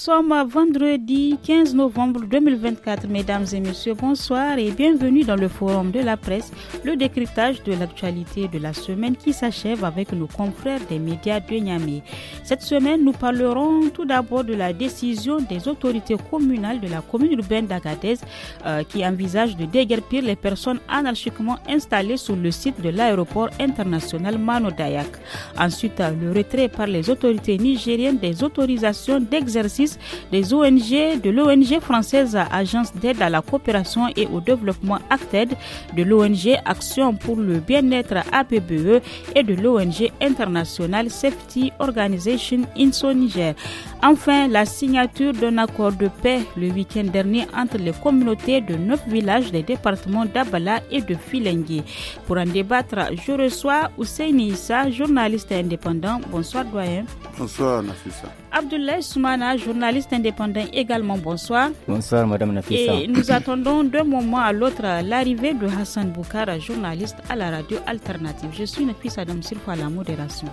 sommes à vendredi 15 novembre 2024. Mesdames et messieurs, bonsoir et bienvenue dans le Forum de la presse, le décryptage de l'actualité de la semaine qui s'achève avec nos confrères des médias de Niamey. Cette semaine, nous parlerons tout d'abord de la décision des autorités communales de la commune urbaine d'Agadez euh, qui envisage de déguerpir les personnes anarchiquement installées sur le site de l'aéroport international Mano Dayak. Ensuite, le retrait par les autorités nigériennes des autorisations d'exercice des les ONG, de l'ONG française Agence d'aide à la coopération et au développement ACTED, de l'ONG Action pour le bien-être APBE et de l'ONG International Safety Organization INSO Niger. Enfin, la signature d'un accord de paix le week-end dernier entre les communautés de neuf villages des départements d'Abala et de Filengue. Pour en débattre, je reçois Hussein Issa, journaliste indépendant. Bonsoir, doyen. Bonsoir, Nafisa. Abdoulaye Soumana, journaliste indépendant également. Bonsoir. Bonsoir, Madame Nafissa. Et nous attendons d'un moment à l'autre l'arrivée de Hassan Boukara, journaliste à la radio alternative. Je suis Nafissa Adam pour à la modération.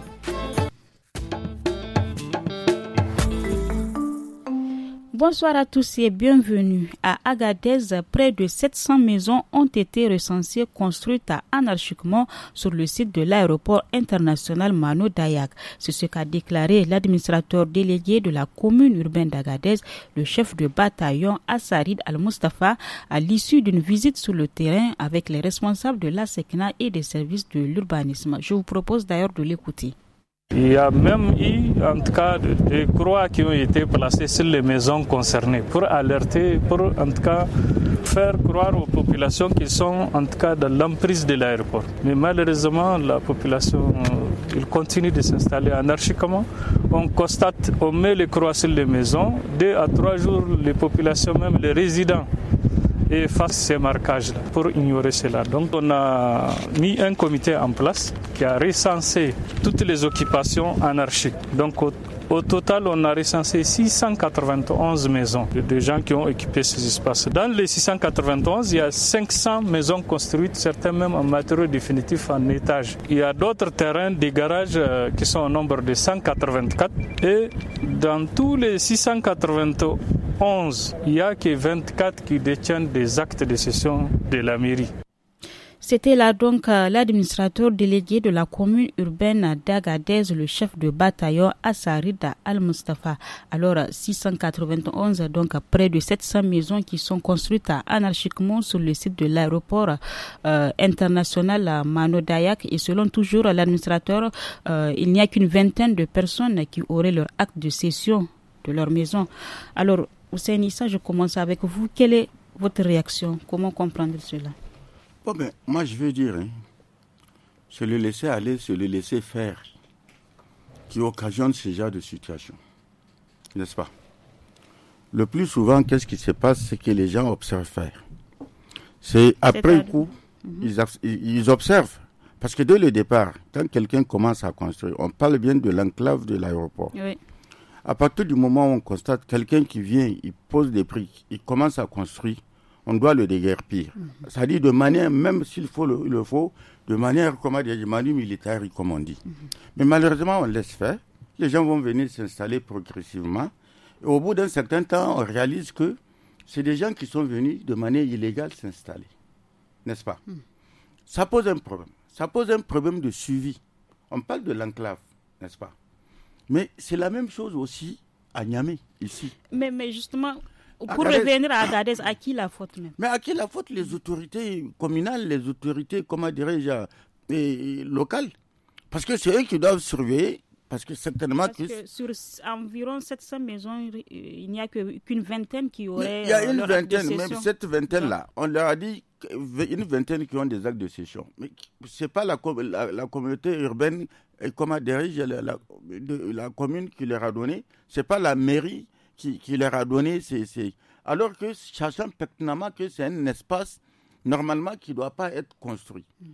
Bonsoir à tous et bienvenue. À Agadez, près de 700 maisons ont été recensées construites anarchiquement sur le site de l'aéroport international Mano Dayak. C'est ce qu'a déclaré l'administrateur délégué de la commune urbaine d'Agadez, le chef de bataillon Assarid Al-Mustafa, à l'issue d'une visite sur le terrain avec les responsables de la SECNA et des services de l'urbanisme. Je vous propose d'ailleurs de l'écouter. Il y a même eu, en tout cas, des croix qui ont été placées sur les maisons concernées pour alerter, pour, en tout cas, faire croire aux populations qu'ils sont, en tout cas, dans l'emprise de l'aéroport. Mais malheureusement, la population, euh, il continue de s'installer anarchiquement. On constate, on met les croix sur les maisons. Deux à trois jours, les populations, même les résidents, et fasse ces marquages-là pour ignorer cela. Donc on a mis un comité en place qui a recensé toutes les occupations anarchiques. Donc au total, on a recensé 691 maisons de gens qui ont occupé ces espaces. Dans les 691, il y a 500 maisons construites, certaines même en matériaux définitifs en étage. Il y a d'autres terrains, des garages euh, qui sont au nombre de 184. Et dans tous les 691, il y a que 24 qui détiennent des actes de cession de la mairie. C'était là donc euh, l'administrateur délégué de la commune urbaine d'Agadez, le chef de bataillon Assarida Al-Mustafa. Alors 691, donc près de 700 maisons qui sont construites anarchiquement sur le site de l'aéroport euh, international international Dayak. Et selon toujours l'administrateur, euh, il n'y a qu'une vingtaine de personnes qui auraient leur acte de cession de leur maison. Alors, Hussein Issa, je commence avec vous. Quelle est votre réaction Comment comprendre cela ben, moi, je veux dire, hein, se c'est le laisser aller, c'est le laisser faire qui occasionne ce genre de situation. N'est-ce pas Le plus souvent, qu'est-ce qui se passe C'est que les gens observent faire. C'est après coup, mhm. ils, observent. Parce que dès le départ, quand quelqu'un commence à construire, on parle bien de l'enclave de l'aéroport. À partir du moment où on constate quelqu'un qui vient, il pose des prix, il commence à construire, on doit le déguerpir. Ça C'est-à-dire de manière, même s'il faut le, faut, de manière, comment de manière militaire, comme on dit. Mais malheureusement, on laisse faire. Les gens vont venir s'installer progressivement. Et au bout d'un certain temps, on réalise que c'est des gens qui sont venus de manière illégale s'installer. N'est-ce pas Ça pose un problème. Ça pose un problème de suivi. On parle de l'enclave, n'est-ce pas Mais c'est la même chose aussi à Niamey, ici. Mais, mais justement, pour revenir à Agadez, à qui la faute même Mais à qui la faute Les autorités communales, les autorités, comment dirais-je, locales. Parce que c'est eux qui doivent surveiller. Parce que certainement. sur environ 700 maisons, il n'y a qu'une vingtaine qui auraient. Il y a euh, une vingtaine, même cette vingtaine-là. On leur a dit une vingtaine qui ont des actes de session. Mais ce n'est pas la, la, communauté urbaine, et comment dirige la, la, commune qui leur a donné. Ce n'est pas la mairie qui, leur a donné. ces... Alors que, sachant pertinemment que c'est un espace, normalement, qui ne doit pas être construit. Mm.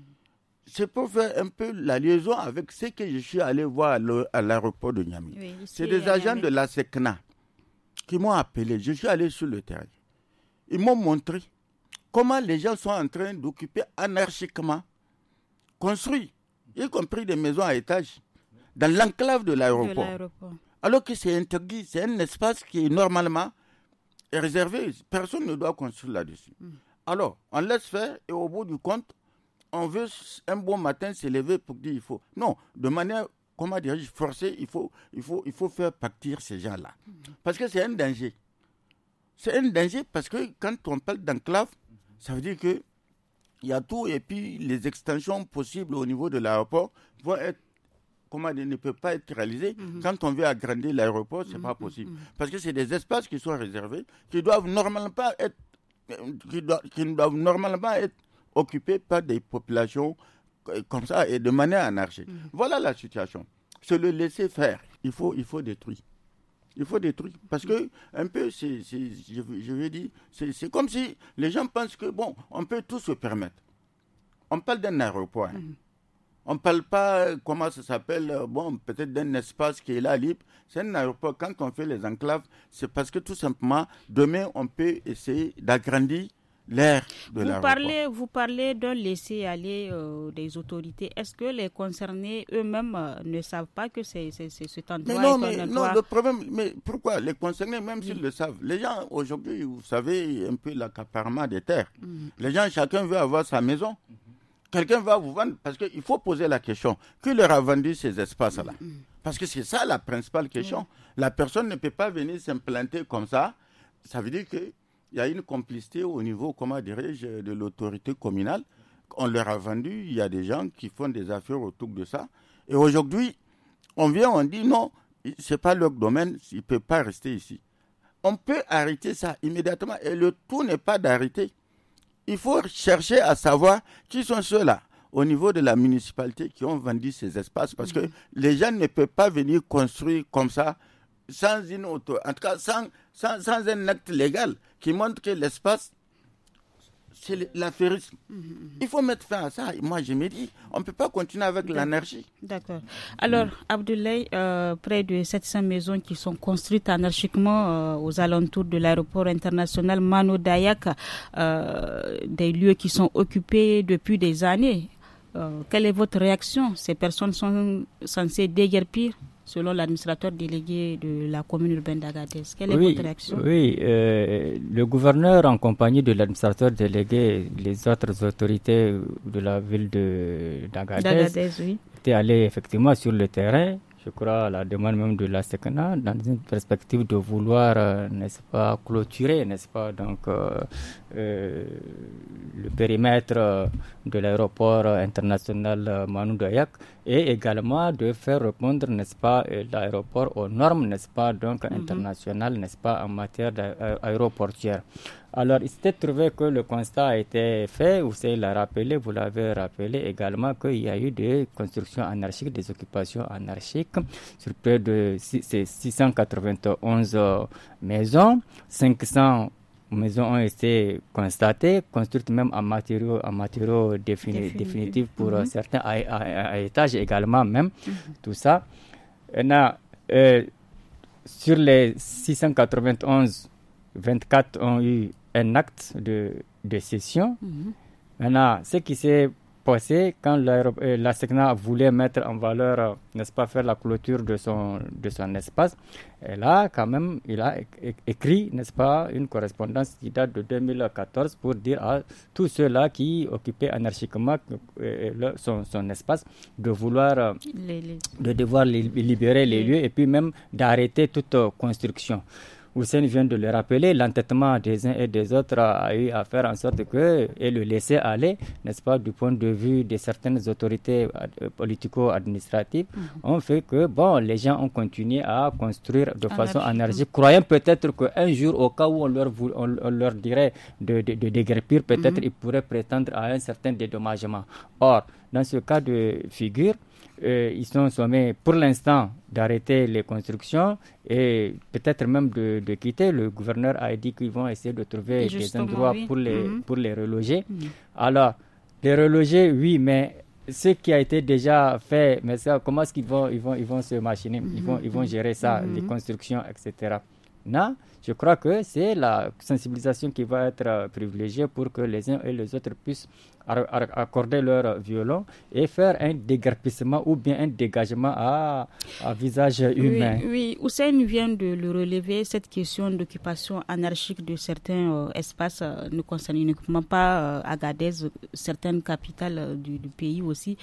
C'est pour faire un peu la liaison avec ce que je suis allé voir à l'aéroport de Niamey. c'est des agents de la SECNA qui m'ont appelé. Je suis allé sur le terrain. Ils m'ont montré comment les gens sont en train d'occuper anarchiquement, construit, y compris des maisons à étage, dans l'enclave de l'aéroport. Alors que c'est interdit, c'est un espace qui est normalement réservé. Personne ne doit construire là-dessus. Hmm. Alors, on laisse faire et au bout du compte, on veut un bon matin se lever pour dire il faut. Non, de manière, comment dirais-je, forcée, il faut, il, faut, il faut faire partir ces gens-là. Hmm. Parce que c'est un danger. C'est un danger parce que quand on parle d'enclave, ça veut dire que il y a tout et puis les extensions possibles au niveau de l'aéroport vont être elle ne peut pas être réalisé mhm. Quand on veut agrandir l'aéroport, c'est n'est mhm. pas possible. Mhm. Parce que c'est des espaces qui sont réservés, qui doivent normalement pas être, qui, doivent, normalement être occupés par des populations euh, comme ça et de manière anarchique. Voilà la situation. Se le laisser faire. Il faut, il faut détruire. Il faut détruire. Parce que, un peu, je, je veux dire, c'est comme si les gens pensent que, bon, on peut tout se permettre. On parle d'un aéroport. Hein. On ne parle pas, euh, comment ça s'appelle, euh, bon, peut-être d'un espace qui est là libre. C'est un aéroport. Quand on fait les enclaves, c'est parce que tout simplement, demain, on peut essayer d'agrandir l'air de vous parlez, vous parlez d'un laisser-aller euh, des autorités. Est-ce que les concernés eux-mêmes ne savent pas que c'est ce temps mais non, mais, non, le problème, mais pourquoi Les concernés, même mm. s'ils le savent, les gens aujourd'hui, vous savez, un peu l'accaparement des terres. Mm. Les gens, chacun veut avoir sa maison quelqu'un va vous vendre, parce qu'il faut poser la question, qui leur a vendu ces espaces-là mm, mm. Parce que c'est ça la principale question. Mm. La personne ne peut pas venir s'implanter comme ça. Ça veut dire qu'il y a une complicité au niveau, comment dirais-je, de l'autorité communale. On leur a vendu, il y a des gens qui font des affaires autour de ça. Et aujourd'hui, on vient, on dit non, ce n'est pas leur domaine, ils ne peuvent pas rester ici. On peut arrêter ça immédiatement. Et le tout n'est pas d'arrêter il faut chercher à savoir qui sont ceux-là au niveau de la municipalité qui ont vendu ces espaces parce que mm. les gens ne peuvent pas venir construire comme ça sans une auto, en tout cas sans, sans, sans un acte légal qui montre que l'espace c'est l'affairisme. Il faut mettre fin à ça. Moi, je me dis, on ne peut pas continuer avec l'anarchie. D'accord. Alors, Abdoulaye, euh, près de 700 maisons qui sont construites anarchiquement euh, aux alentours de l'aéroport international Mano Dayak, euh, des lieux qui sont occupés depuis des années. quelle est votre réaction Ces personnes sont censées déguerpir selon l'administrateur délégué de la commune urbaine d'Agadez. Quelle est votre réaction Oui, euh, le gouverneur en compagnie de l'administrateur délégué, les autres autorités de la ville d'Agadez, oui. étaient allés effectivement sur le terrain je crois, à la demande même de la dans une perspective de vouloir, euh, n'est-ce pas, clôturer, n'est-ce pas, donc euh, euh, le périmètre de l'aéroport international Manou et également de faire répondre, n'est-ce pas, l'aéroport aux normes, n'est-ce pas, donc mhm. internationales, n'est-ce pas, en matière aéroportière. Alors, il s'était trouvé que le constat a été fait, vous l'a rappelé, vous l'avez rappelé également, qu'il y a eu des constructions anarchiques, des occupations anarchiques sur près de 691 euh, maisons, 500 maisons ont été constatées, construites même en matériaux, définitifs pour euh, mm-hmm. certains, à, étage également même, mm-hmm. tout ça. a, euh, sur les 691, 24 ont eu un acte de, de cession. Mhm. Maintenant, ce qui s'est passé quand la euh, SECNA voulait mettre en valeur, euh, n'est-ce pas, faire la clôture de son, de son espace, et là, quand même, il a écrit, n'est-ce pas, une correspondance qui date de 2014 pour dire à tous ceux-là qui occupaient anarchiquement euh, son, espace de vouloir, de devoir libérer les lieux et puis même d'arrêter toute construction. Hussein vient de le rappeler, l'entêtement des uns et des autres a eu à faire en sorte que, et le laisser aller, n'est-ce pas, du point de vue de certaines autorités euh, politico-administratives, On mhm. ont fait que, bon, les gens ont continué à construire de façon énergique, croyant peut-être qu'un jour, au cas où on leur, leur dirait de, de, peut-être mhm. ils pourraient prétendre à un certain dédommagement. Or, dans ce cas de figure, euh, ils sont sommés pour l'instant d'arrêter les constructions et peut-être même de, quitter. Le gouverneur a dit qu'ils vont essayer de trouver des endroits pour, les, mhm. pour les reloger. Mhm. Alors, les reloger, oui, mais ce qui a été déjà fait, mais ça, comment est-ce qu'ils vont, ils vont, ils vont se machiner, ils, mhm. vont, ils vont gérer ça, les constructions, etc. Non, je crois que c'est la sensibilisation qui va être euh, privilégiée pour que les uns et les autres puissent accorder leur violon et faire un dégarpissement ou bien un dégagement à, à visage humain. Oui, oui, vient de le relever, cette question d'occupation anarchique de certains euh, espaces euh, ne concerne uniquement pas Agadez, certaines capitales du, pays aussi.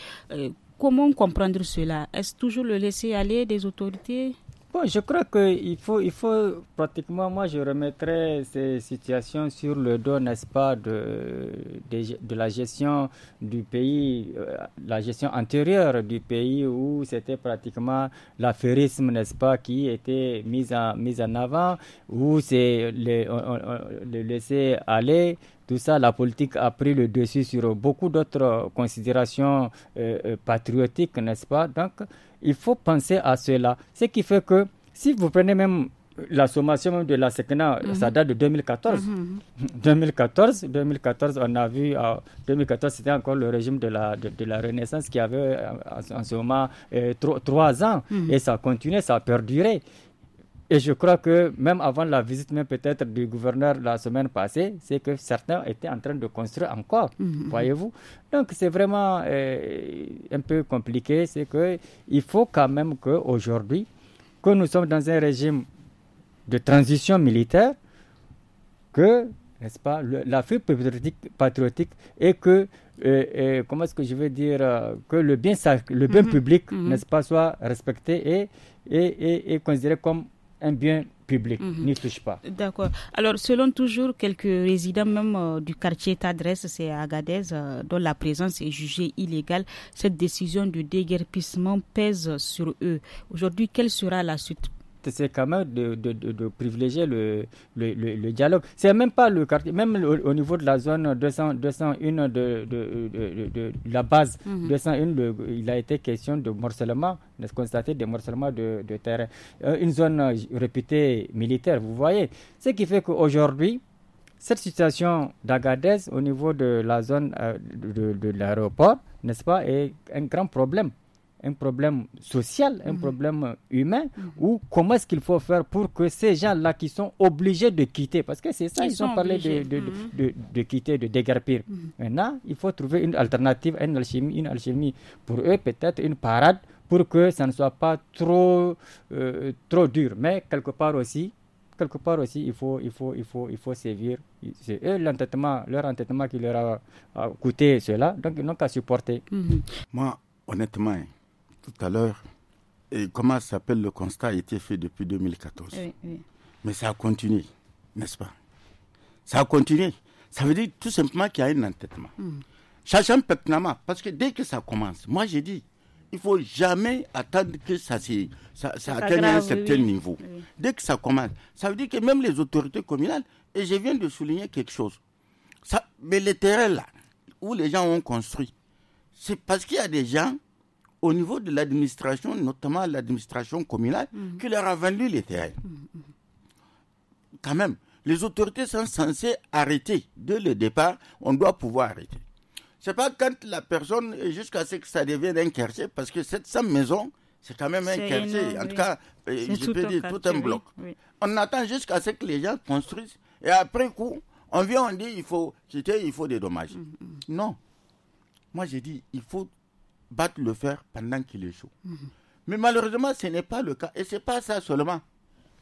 comment comprendre cela Est-ce toujours le laisser aller des autorités Bon, je crois qu'il faut, il faut pratiquement, moi je remettrais ces situations sur le dos, n'est-ce pas, de, de, de, la gestion du pays, euh, la gestion antérieure du pays où c'était pratiquement l'affairisme, n'est-ce pas, qui était mis en, mise en avant, où c'est le, on, le laisser aller tout ça, la politique a pris le dessus sur beaucoup d'autres considérations euh, euh, patriotiques, n'est-ce pas Donc, il faut penser à cela. Ce qui fait que, si vous prenez même la sommation de la SECNA, mhm. ça date de 2014. 2014, 2014, on a vu, 2014, ah, c'était encore le régime de la, de, la Renaissance qui avait en, ce moment euh, trois ans. Mhm. Et ça continué, ça a perduré. Et je crois que même avant la visite même peut-être du gouverneur la semaine passée, c'est que certains étaient en train de construire encore, mhm, mhm. voyez-vous. Donc c'est vraiment euh, un peu compliqué, c'est que il faut quand même que aujourd'hui, que nous sommes dans un régime de transition militaire, que, n'est-ce pas, la patriotique, et que euh, euh, comment est-ce que je veux dire que le bien, le bien mhm, public, n'est-ce pas, soit respecté et, et considéré comme un bien public mhm. n'y touche pas. D'accord. Alors, selon toujours quelques résidents même euh, du quartier Tadresse, c'est Agadez, euh, dont la présence est jugée illégale, cette décision de déguerpissement pèse sur eux. Aujourd'hui, quelle sera la suite c'est quand même de, de, de, privilégier le, le, le, dialogue. C'est même pas le quartier, même au, niveau de la zone 200, 201 de, de, la base 201, mhm. il a été question de morcellement, de constater des morcellements de, terrain. Euh, une zone réputée militaire, vous voyez. Ce qui fait qu'aujourd'hui, cette situation d'Agadez au niveau de la zone euh, de, de l'aéroport, n'est-ce pas, est un grand problème un problème social, un mhm. problème humain, ou comment est-ce qu'il faut faire pour que ces gens-là qui sont obligés de quitter, parce que c'est ça, ils, sont ont parlé de mhm. de, de, quitter, de déguerpir. Mhm. Maintenant, il faut trouver une alternative, une alchimie, une alchimie pour eux, peut-être une parade, pour que ça ne soit pas trop, euh, trop dur. Mais quelque part aussi, quelque part aussi, il faut, il faut, il faut, il faut sévir. C'est eux leur entêtement qui leur a, a coûté cela, donc ils n'ont qu'à supporter. Moi, honnêtement, tout à l'heure, et comment s'appelle le constat a été fait depuis 2014. Mais ça a continué, n'est-ce pas Ça a continué. Ça veut dire tout simplement qu'il y a un entêtement. Chacun hmm. parce que dès que ça commence, moi j'ai dit, il faut jamais attendre que ça, ça, ça atteigne un certain niveau. Dès que ça commence, ça veut dire que même les autorités communales, et je viens de souligner quelque chose, ça, mais les terrains là, où les gens ont construit, c'est parce qu'il y a des gens au niveau de l'administration, notamment l'administration communale, mhm. qui leur a vendu les terrains. Mhm, mhm. Quand même, les autorités sont censées arrêter. Dès le départ, on doit pouvoir arrêter. C'est pas quand la personne, jusqu'à ce que ça devienne un quartier, parce que cette maison, c'est quand même un quartier. en tout cas, euh, je peux dire tout un bloc. On attend jusqu'à ce que les gens construisent. Et après coup, on vient, on dit, il faut quitter, il faut des dommages. Non. Moi, j'ai dit, il faut battre le fer pendant qu'il est chaud. Mhm. Mais malheureusement, ce n'est pas le cas. Et ce n'est pas ça seulement.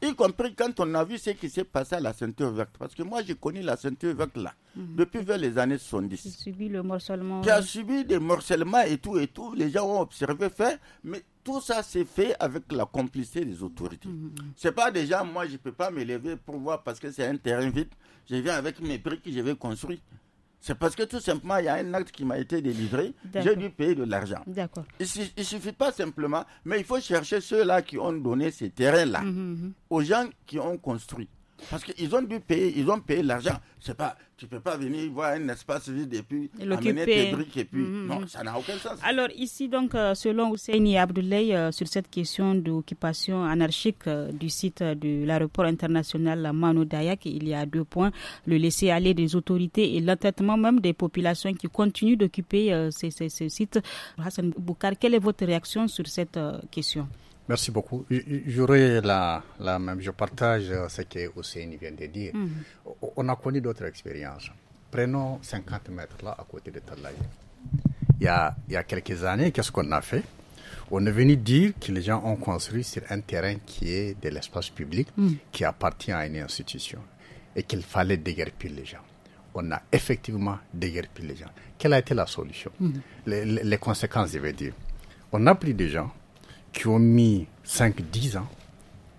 Y compris quand on a vu ce qui s'est passé à la ceinture verte. Parce que moi, j'ai connu la ceinture verte là, mhm. depuis vers les années 70. Qui a subi le morcellement. Qui a subi des morcellements et tout et tout. Les gens ont observé faire. Mais tout ça s'est fait avec la complicité des autorités. Ce mhm. C'est pas déjà, moi, je peux pas me lever pour voir parce que c'est un terrain vide. Je viens avec mes briques, je vais construire. C'est parce que tout simplement, il y a un acte qui m'a été délivré, j'ai dû payer de l'argent. Il ne suffit pas simplement, mais il faut chercher ceux-là qui ont donné ces terrains-là, mmh, mmh, mmh. aux gens qui ont construit. Parce qu'ils ont dû payer, ils ont payé l'argent. C'est pas, tu peux pas venir voir un espace vide et puis amener tes briques et puis mhm, non, mhm. ça n'a aucun sens. Alors ici donc, euh, selon Ousseini Abdoulaye, euh, sur cette question d'occupation anarchique euh, du site de l'aéroport international Mano Dayak, il y a deux points le laisser aller des autorités et l'entêtement même des populations qui continuent d'occuper ce, site. Hassan Boukar, quelle est votre réaction sur cette question? Merci beaucoup. J'aurais la, même, je partage ce que Hussein vient de dire. Mm-hmm. On a connu d'autres expériences. Prenons 50 mètres là à côté de Talaï. Il y a, il y a quelques années, qu'est-ce qu'on a fait On est venu dire que les gens ont construit sur un terrain qui est de l'espace public, mm. qui appartient à une institution, et qu'il fallait déguerpir les gens on a effectivement déguerpi les gens. Quelle a été la solution mm-hmm. les, les, conséquences, je veux dire. On a pris des gens, qui ont mis 5-10 ans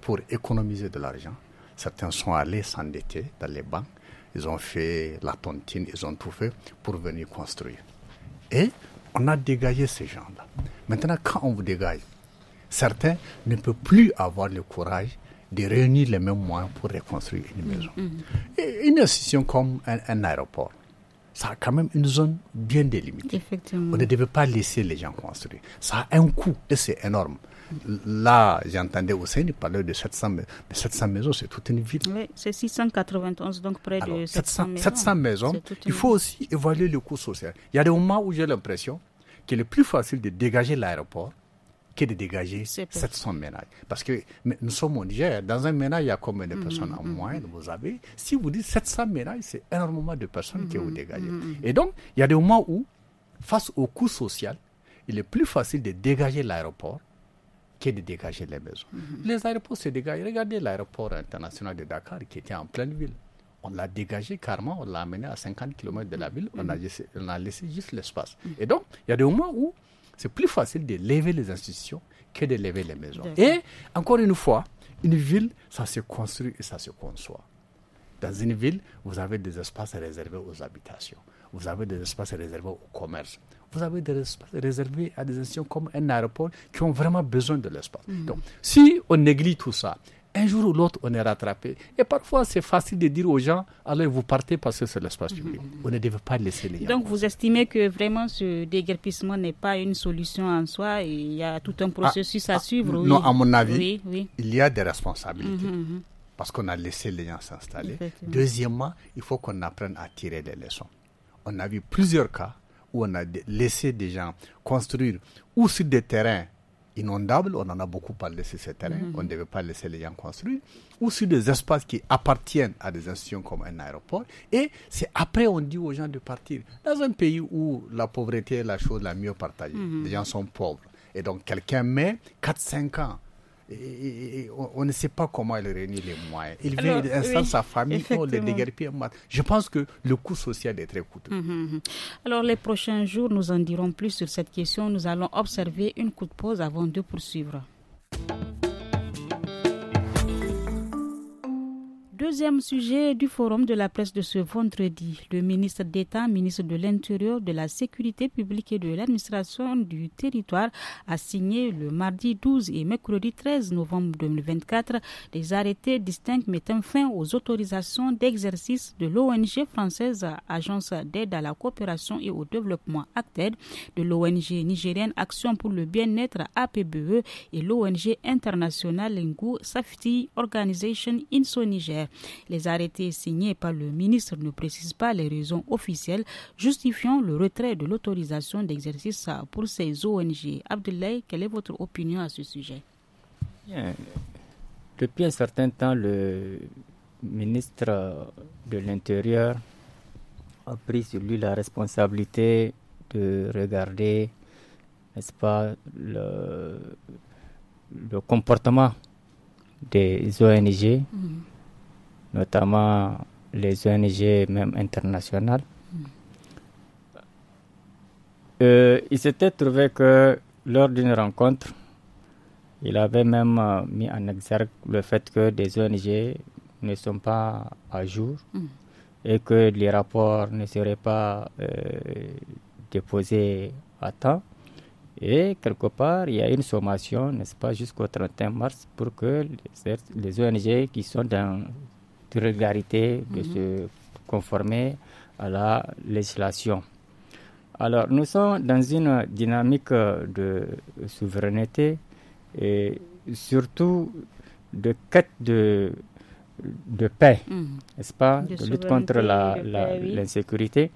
pour économiser de l'argent. Certains sont allés s'endetter dans les banques, ils ont fait la tontine, ils ont tout fait pour venir construire. Et on a dégagé ces gens-là. Maintenant, quand on vous dégage, certains ne peuvent plus avoir le courage de réunir les mêmes moyens pour reconstruire une maison. Mm-hmm. Et une institution comme un aéroport, ça a quand même une zone bien délimitée. Effectivement. On ne devait pas laisser les gens construire. Ça a un coût, c'est énorme. Là, j'entendais Hussein parler de 700, mais 700 maisons, c'est toute une ville. c'est 691, donc près de 700, maisons. il faut aussi évaluer le coût social. Il y a des moments où j'ai l'impression qu'il est plus facile de dégager l'aéroport de dégager 700 ménages. Parce que nous sommes au Niger, dans un ménage, il y a combien de mm-hmm, personnes en mm-hmm. moyenne vous avez Si vous dites 700 ménages, c'est énormément de personnes qui vous mm-hmm, dégagez. Et donc, il y a des moments où, face au coût social, il est plus facile de dégager l'aéroport que de dégager les maisons. Les aéroports se dégagent. Regardez l'aéroport international de Dakar qui était en pleine ville on l'a dégagé carrément, on l'a amené à 50 km de la ville, on, a, on a laissé juste l'espace. Et donc, il y a des moments où c'est plus facile de lever les institutions que de lever les maisons. Et encore une fois, une ville, ça se construit et ça se conçoit. Dans une ville, vous avez des espaces réservés aux habitations, vous avez des espaces réservés au commerce, vous avez des espaces réservés à des institutions comme un aéroport qui ont vraiment besoin de l'espace. Mm. Donc, si on néglige tout ça un jour ou l'autre, on est rattrapé. Et parfois, c'est facile de dire aux gens, allez, vous partez parce que c'est l'espace mhm. public. On ne devait pas laisser les gens. Donc, vous estimez que vraiment ce déguerpissement n'est pas une solution en soi Il y a tout un processus ah, à ah, suivre Non, à mon avis, il y a des responsabilités. Mhm, mhm. Parce qu'on a laissé les gens s'installer. Deuxièmement, il faut qu'on apprenne à tirer des leçons. On a vu plusieurs cas où on a laissé des gens construire ou sur des terrains inondables, on en a beaucoup parlé sur ces terrains, mm-hmm. on ne devait pas laisser les gens construire, ou sur des espaces qui appartiennent à des institutions comme un aéroport. Et c'est après on dit aux gens de partir. Dans un pays où la pauvreté est la chose la mieux partagée, mm-hmm. les gens sont pauvres. Et donc quelqu'un met 4-5 ans et, on, ne sait pas comment elle réunit les moyens. Il vient, d'installer sa famille, on le Je pense que le coût social est très coûteux. Mhm, mhm. Alors, les prochains jours, nous en dirons plus sur cette question. Nous allons observer une courte pause avant de poursuivre. Deuxième sujet du forum de la presse de ce vendredi, le ministre d'État, ministre de l'Intérieur, de la Sécurité publique et de l'administration du territoire a signé le mardi 12 et mercredi 13 novembre 2024 des arrêtés distincts mettant fin aux autorisations d'exercice de l'ONG française Agence d'aide à la coopération et au développement ACTED, de l'ONG nigérienne Action pour le bien-être APBE et l'ONG internationale Lingou Safety Organization INSO Niger. Les arrêtés signés par le ministre ne précisent pas les raisons officielles justifiant le retrait de l'autorisation d'exercice pour ces ONG. Abdoulaye, quelle est votre opinion à ce sujet Depuis un certain temps, le ministre de l'Intérieur a pris sur lui la responsabilité de regarder, n'est-ce pas, le, comportement des ONG mm-hmm notamment les ONG même internationales. Mm. Euh, il s'était trouvé que lors d'une rencontre, il avait même euh, mis en exergue le fait que des ONG ne sont pas à jour mm. et que les rapports ne seraient pas euh, déposés à temps. Et quelque part, il y a une sommation, n'est-ce pas, jusqu'au 31 mars pour que les ONG qui sont dans de régularité, de mhm. se conformer à la législation. Alors, nous sommes dans une dynamique de souveraineté et surtout de quête de, de paix, mhm. n'est-ce pas De, lutte contre l'insécurité.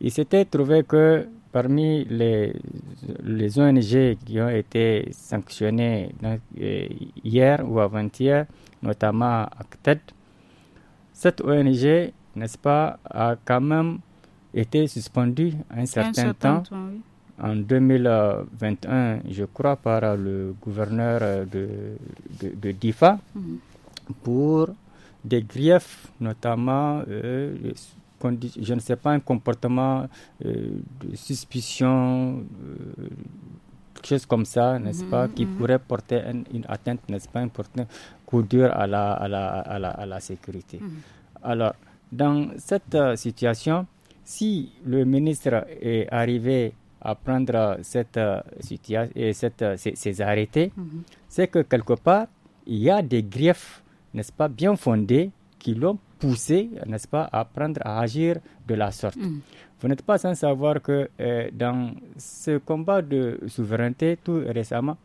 Il s'était trouvé que parmi les, les ONG qui ont été sanctionnées euh, hier ou avant-hier, notamment ACTED, cette ONG, n'est-ce pas, a quand même été suspendue un certain, temps, en 2021, je crois, par le gouverneur de, DIFA mhm. pour des griefs, notamment, euh, je ne sais pas, un comportement euh, de suspicion, euh, chose comme ça, n'est-ce pas, qui mm-hmm. pourrait porter une atteinte, n'est-ce pas, importante, coup dur à la, à la, à la, sécurité. Mm-hmm. Alors, dans cette euh, situation, si le ministre est arrivé à prendre euh, cette, euh, situation, cette, ces, arrêtés, mm-hmm. c'est que quelque part, il y a des griefs, n'est-ce pas, bien fondés qui l'ont poussé, n'est-ce pas, à prendre, à agir de la sorte. Vous n'êtes pas sans savoir que euh, dans ce combat de souveraineté tout récemment,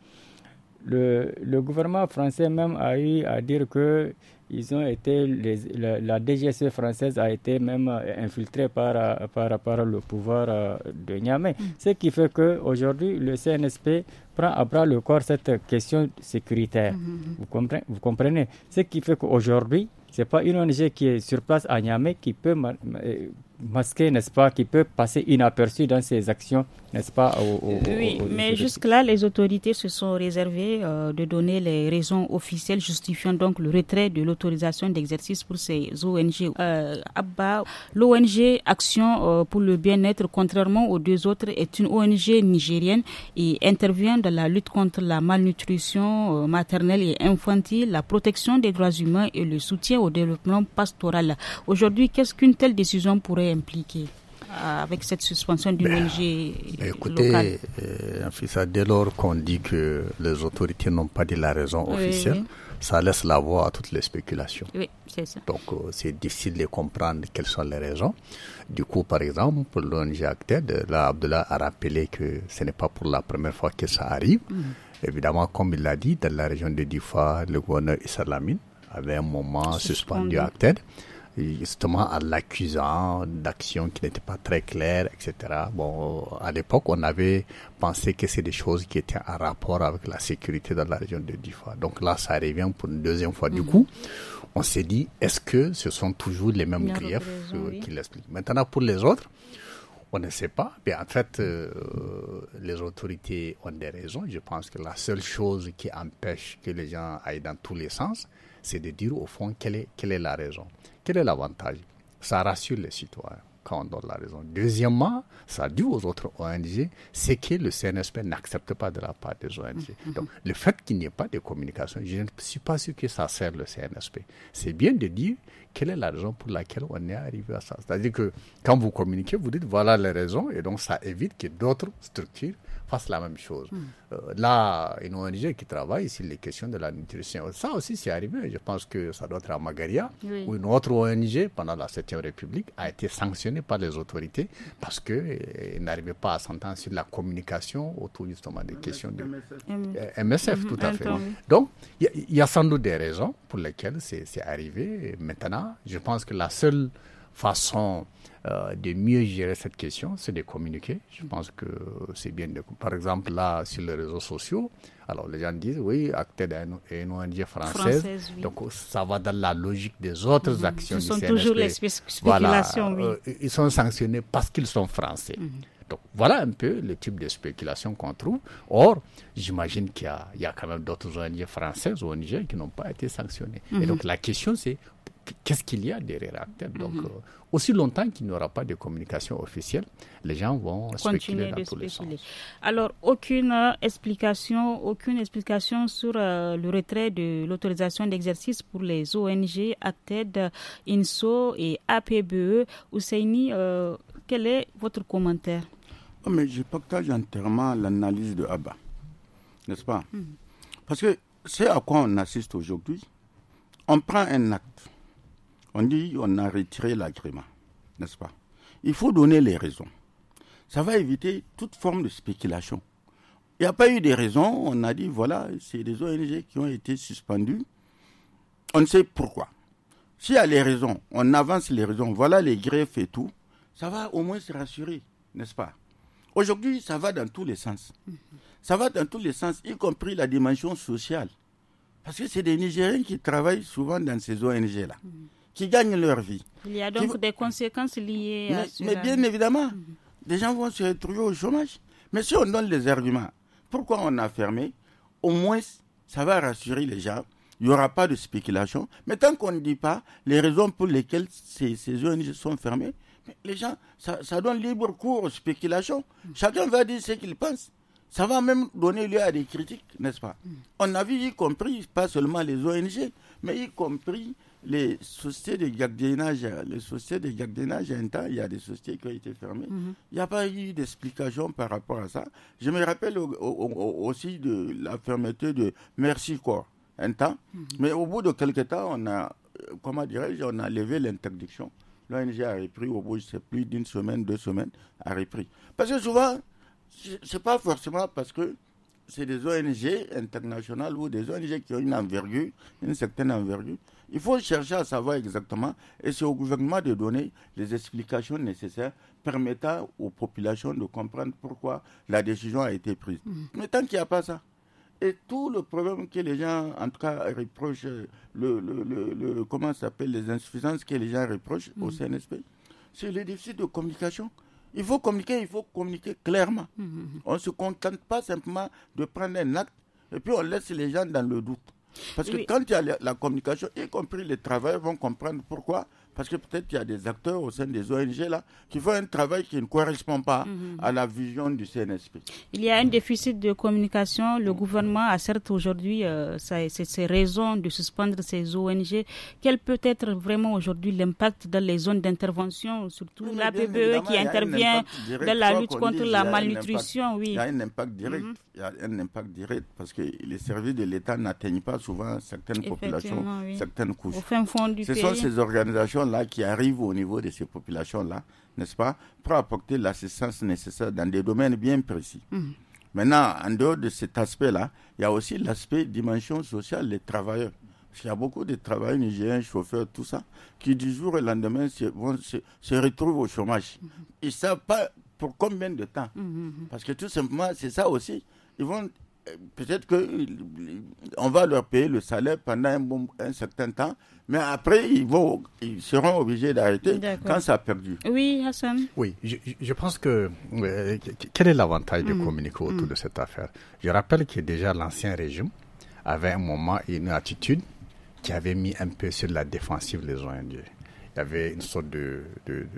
le, gouvernement français même a eu à dire que ils ont été les, la, DGC e française a été même euh, infiltrée par, euh, par, le pouvoir de Niamey. Mm. Ce qui fait qu'aujourd'hui, le CNSP prend à bras le corps cette question sécuritaire. Mm-hmm, mm-hmm. Vous, comprenez, vous comprenez Ce qui fait qu'aujourd'hui, ce n'est pas une ONG qui est sur place à Niamey qui peut masqué, n'est-ce pas, qui peut passer inaperçu dans ses actions n'est-ce pas euh, Oui, mais jusque-là, les autorités se sont réservées euh, de donner les raisons officielles justifiant donc le retrait de l'autorisation d'exercice pour ces ONG. Euh, Abba, l'ONG Action pour le bien-être, contrairement aux deux autres, est une ONG nigérienne et intervient dans la lutte contre la malnutrition maternelle et infantile, la protection des droits humains et le soutien au développement pastoral. Aujourd'hui, qu'est-ce qu'une telle décision pourrait impliquer euh, avec cette suspension du ben, ONG Écoutez, euh, dès lors qu'on dit que les autorités n'ont pas dit la raison officielle, ça laisse la voie à toutes les spéculations. Oui, c'est ça. Donc euh, c'est difficile de comprendre quelles sont les raisons. Du coup, par exemple, pour l'ONG Acted, là, Abdullah a rappelé que ce n'est pas pour la première fois que ça arrive. Mm. Évidemment, comme il l'a dit, dans la région de Difa, le gouverneur Issa avait un moment suspendu, suspendu Acted justement à l'accusant d'actions qui n'étaient pas très claires, etc. Bon, à l'époque, on avait pensé que c'est des choses qui étaient en rapport avec la sécurité dans la région de Difa. Donc là, ça revient pour une deuxième fois. Du mm-hmm. coup, on s'est dit, est-ce que ce sont toujours les mêmes griefs euh, qui l'expliquent Maintenant, pour les autres, on ne sait pas. Bien en fait, euh, les autorités ont des raisons. Je pense que la seule chose qui empêche que les gens aillent dans tous les sens, c'est de dire au fond quelle est, quelle est la raison. Quel est l'avantage Ça rassure les citoyens quand on donne la raison. Deuxièmement, ça dit aux autres ONG c'est que le CNSP n'accepte pas de la part des ONG. Mm-hmm. Donc, le fait qu'il n'y ait pas de communication, je ne suis pas sûr que ça sert le CNSP. C'est bien de dire quelle est la raison pour laquelle on est arrivé à ça. C'est-à-dire que quand vous communiquez, vous dites voilà les raisons, et donc ça évite que d'autres structures fasse la même chose. Hmm. Euh, là, une ONG qui travaille sur les questions de la nutrition, ça aussi c'est arrivé. Je pense que ça doit être à Magaria, où une autre ONG, pendant la 7 République, a été sanctionnée par les autorités parce qu'elle euh, n'arrivait pas à s'entendre sur la communication autour justement des questions de MSF, tout à mhm. fait. Donc, il y, a sans doute des raisons pour lesquelles c'est arrivé. maintenant, je pense que la seule façon euh, de mieux gérer cette question, c'est de communiquer. Je pense que c'est bien de... Par exemple, là, sur les réseaux sociaux, alors les gens disent, oui, acte d'un ONG française. Donc ça va dans la logique des autres actions. Mhm. Ce sont toujours les spéculations. oui. Euh, ils sont sanctionnés parce qu'ils sont français. Mhm. Donc, voilà un peu le type de spéculation qu'on trouve. Or, j'imagine qu'il y, a quand même d'autres ONG françaises ou ONG qui n'ont pas été sanctionnées. Et mhm. donc, la question, c'est qu'est-ce qu'il y a derrière mhm. Donc, euh, aussi longtemps qu'il n'y aura pas de communication officielle, les gens vont spéculer dans tous les Alors, aucune euh, explication, aucune explication sur euh, le retrait de l'autorisation d'exercice pour les ONG Acted, INSO et APBE. Ousseini, quel est votre commentaire mais Je partage entièrement l'analyse de Abba, n'est-ce pas hmm. Parce que c'est à quoi on assiste aujourd'hui. On prend un acte. On dit on a retiré l'agrément, n'est-ce pas Il faut donner les raisons. Ça va éviter toute forme de spéculation. Il n'y a pas eu de raisons. On a dit voilà, c'est des ONG qui ont été suspendues. On ne sait pourquoi. S'il y a les raisons, on avance les raisons. Voilà les greffes et tout ça va au moins se rassurer, n'est-ce pas Aujourd'hui, ça va dans tous les sens. Ça va dans tous les sens, y compris la dimension sociale. Parce que c'est des Nigériens qui travaillent souvent dans ces ONG-là, qui gagnent leur vie. Il y a donc des conséquences liées mais, à cela. Mais bien évidemment, des gens vont se retrouver au chômage. Mais si on donne les arguments, pourquoi on a fermé, au moins ça va rassurer les gens. Il n'y aura pas de spéculation. Mais tant qu'on ne dit pas les raisons pour lesquelles ces ONG sont fermées, les gens, ça, donne libre cours aux spéculations. Chacun va dire ce qu'il pense. Ça va même donner lieu à des critiques, n'est-ce pas mm. On a vu, y compris, pas seulement les ONG, mais y compris les sociétés de gardiennage. Les sociétés de gardiennage, un temps, il y a des sociétés qui ont été fermées. Mm-hmm. Il n'y a pas eu d'explication par rapport à ça. Je me rappelle aussi de la fermeté de Merci Corps, un temps. Mm-hmm. Mais au bout de quelques temps, on a, euh, comment dirais-je, on a levé l'interdiction l'ONG a repris au bout, de plus d'une semaine, deux semaines, a repris. Parce que souvent, c'est pas forcément parce que c'est des ONG internationales ou des ONG qui ont une envergure, une certaine envergure. Il faut chercher à savoir exactement et c'est au gouvernement de donner les explications nécessaires permettant aux populations de comprendre pourquoi la décision a été prise. Mmh. Mais tant qu'il n'y a pas ça, et tout le problème que les gens, en tout cas, reprochent, le, le, le, comment s'appelle, les insuffisances que les gens reprochent au mhm. CNSP, c'est le déficit de communication. Il faut communiquer, il faut communiquer clairement. Mhm, mhm. On ne se contente pas simplement de prendre un acte et puis on laisse les gens dans le doute. Parce que quand il y a la, la communication, y compris les travailleurs vont comprendre pourquoi parce que peut-être qu'il y a des acteurs au sein des ONG là qui font un travail qui ne correspond pas mhm. à la vision du CNSP. Il y a un déficit de communication. Le gouvernement a certes aujourd'hui euh, ses raisons de suspendre ces ONG. Quel peut être vraiment aujourd'hui l'impact dans les zones d'intervention, surtout la PBE qui intervient dans la lutte contre la malnutrition Oui. Il y a un impact direct. Mhm il y a un impact direct parce que les services de l'État n'atteignent pas souvent certaines populations, certaines couches. Au fin fond du Ce sont ces organisations-là qui arrivent au niveau de ces populations-là, n'est-ce pas, pour apporter l'assistance nécessaire dans des domaines bien précis. Hmm. Maintenant, en dehors de cet aspect-là, il y a aussi l'aspect dimension sociale des travailleurs. Parce y a beaucoup de travailleurs nigériens, chauffeurs, tout ça, qui du jour au lendemain se, se, se retrouvent au chômage. Hmm. Ils ne savent pas pour combien de temps. Hmm, parce que tout simplement, c'est ça aussi ils vont euh, peut-être qu'on euh, va leur payer le salaire pendant un, un, certain temps, mais après, ils, vont, ils seront obligés d'arrêter quand ça a perdu. Oui, Hassan. Oui, je, pense euh, que... quel est l'avantage du de mm. communiquer autour mm. de cette affaire Je rappelle que déjà l'ancien régime avait un moment une attitude qui avait mis un peu sur la défensive les ONG il y avait une sorte de, de,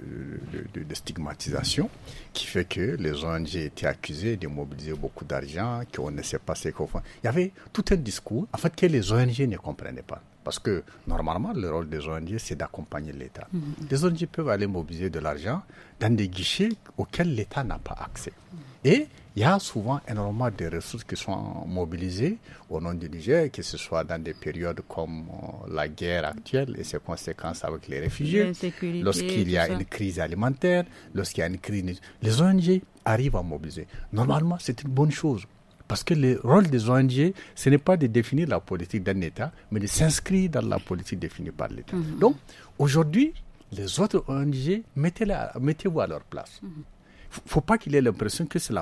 stigmatisation qui fait que les ONG étaient accusées de mobiliser beaucoup d'argent, qu'on ne sait pas ce qu'on fait. Il y avait tout un discours, en fait, que les ONG ne comprenaient pas. Parce que normalement, le rôle des ONG, c'est d'accompagner l'État. Mm-hmm. Les ONG peuvent aller mobiliser de l'argent dans des guichets auxquels l'État n'a pas accès. Et il y a souvent énormément de ressources qui sont mobilisées au nom du Niger, que ce soit dans des périodes comme euh, la guerre actuelle et ses conséquences avec les réfugiés, lorsqu'il y a une crise alimentaire, lorsqu'il y a une crise... Les ONG arrivent à mobiliser. Normalement, c'est une bonne chose. Parce que le rôle des ONG, ce n'est pas de définir la politique d'un État, mais de s'inscrire dans la politique définie par l'État. Mhm. Donc, aujourd'hui, les autres ONG, mettez-vous à leur place. Mhm faut pas qu'il ait l'impression que c'est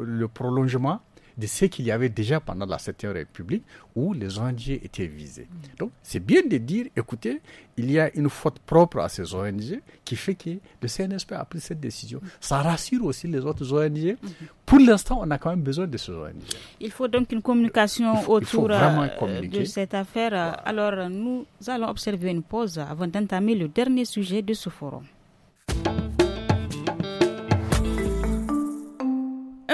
le prolongement de ce qu'il y avait déjà pendant la 7 République où les ONG étaient visés. Mm. Donc, c'est bien de dire, écoutez, il y a une faute propre à ces ONG qui fait que le CNSP a pris cette décision. Ça rassure aussi les autres ONG. Mm-hmm. Pour l'instant, on a quand même besoin de ces ONG. Il faut donc une communication autour euh, de cette affaire. Alors, nous allons observer une pause avant d'entamer le dernier sujet de ce forum.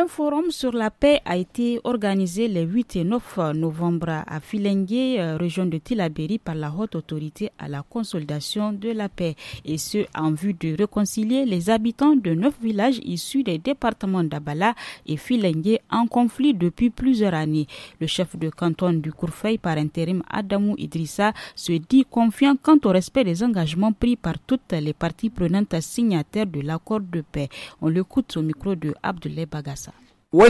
un forum sur la paix a été organisé les 8 et 9 novembre à Filengue, euh, région de Tilaberi, par la haute autorité à la consolidation de la paix, et ce en vue de réconcilier les habitants de neuf villages issus des départements d'Abala et Filengue en conflit depuis plusieurs années. Le chef de canton du Courfeuille par intérim Adamou Idrissa se dit confiant quant au respect des engagements pris par toutes les parties prenantes signataires de l'accord de paix. On l'écoute au micro de Abdoulaye Bagassa. Nous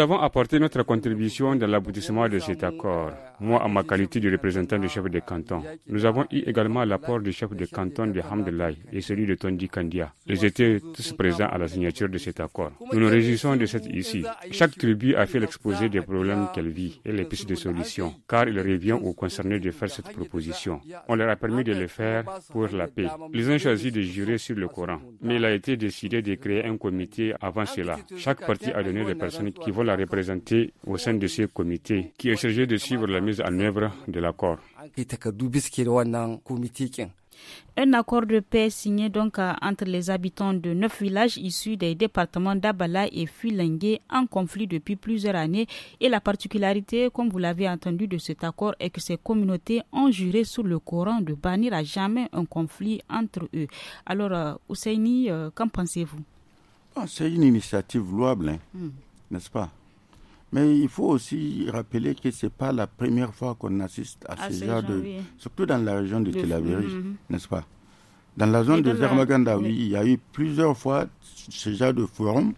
avons apporté notre contribution dans l'aboutissement de cet accord, moi à ma qualité de représentant du chef de canton. Nous avons eu également l'apport du chef de canton de Hamdelay et celui de Tondi Kandia. Ils étaient tous présents à la signature de cet accord. Nous nous réjouissons de cette ici Chaque tribu a fait l'exposé des problèmes qu'elle vit et les pistes de solution car il revient aux concernés de faire cette proposition. On leur a permis de le faire pour la paix. Ils ont choisi de jurer sur le Coran, mais il a été décidé de créer un comité avant cela. Chaque parti a donné des personnes qui vont la représenter au sein de ce comité, qui est chargé de suivre la mise en œuvre de l'accord. Un accord de paix signé donc euh, entre les habitants de neuf villages issus des départements d'Abala et Fulengue en conflit depuis plusieurs années. Et la particularité, comme vous l'avez entendu, de cet accord est que ces communautés ont juré sur le Coran de bannir à jamais un conflit entre eux. Alors, euh, Ousseini, euh, qu'en pensez-vous ah, C'est une initiative louable, hein, hmm. n'est-ce pas mais il faut aussi rappeler que ce n'est pas la première fois qu'on assiste à, ces ce, genre de... Surtout dans la région de Tel Aviv, mm-hmm. n'est-ce pas Dans la zone de Zermaganda, oui, il y a eu plusieurs fois ce genre de forums